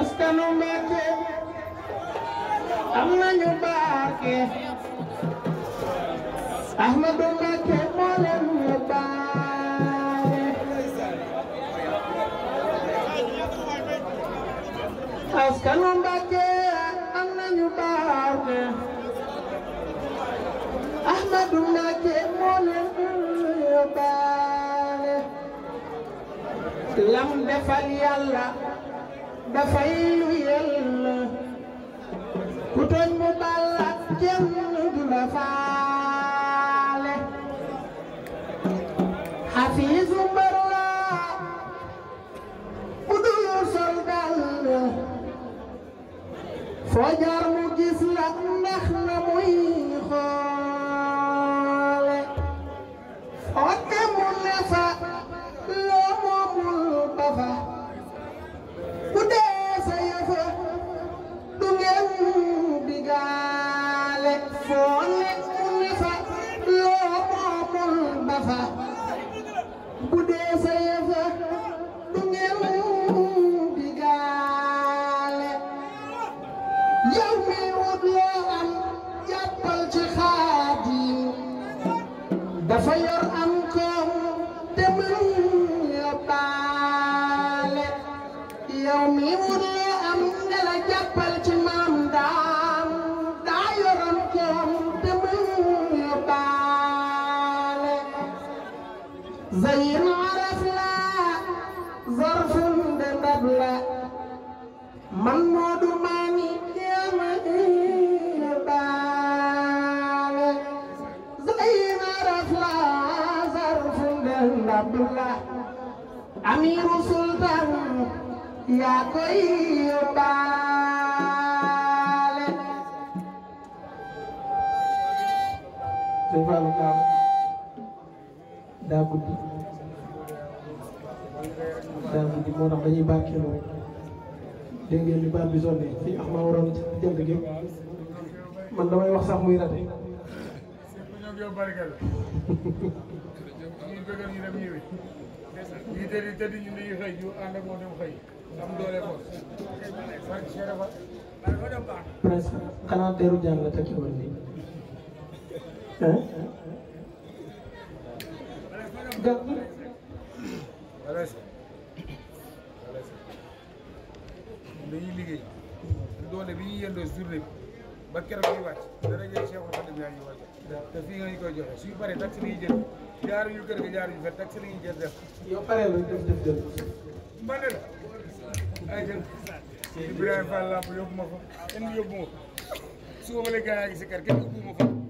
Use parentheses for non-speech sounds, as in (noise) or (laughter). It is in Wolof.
askanu Mbàkke am nañu Mbàkke Ahmadu Mbàkke moo leen ñu baare askanu Mbàkke am nañu Mbàkke Ahmadu Mbàkke moo leen ñu baare lam defal Yàlla dafay lu yella ku tooñ mu baal ak kenn du faale xafiisu mbër bu dul sol dal yow mi wut am ne la jàppal ci maam daam daa yoroon te muy yóbbaale zayin araf la zarfun de ndab man moo du maani yama yóbbaale zayin araf la zarfun yaa koy yóbbaale sëñ Fallou Naam daa guddi daa guddi moo tax dañuy barkeeloo dégg ngeen li baat bi sonne fii ak maa waroon jënd man damay wax sax muy rate ñuy (laughs) bëggal ñu dem ñëwi mais xanaa teeru jàng la teg ci woon nii dañuy liggéey doole bi ñuy yëndoo journée bi ba keroog ñuy wàcc te nga ñu koy joxe suñu paree taxi la ñuy jël jaaruñu kër ga jaaruñu fa taxi la ñuy jël def yow paree la ay jël Ibrahima Fall laa yóbbu ma fa kenn yóbbu ma fa su ma la gaa yaa ngi si kër kenn yóbbu ma fa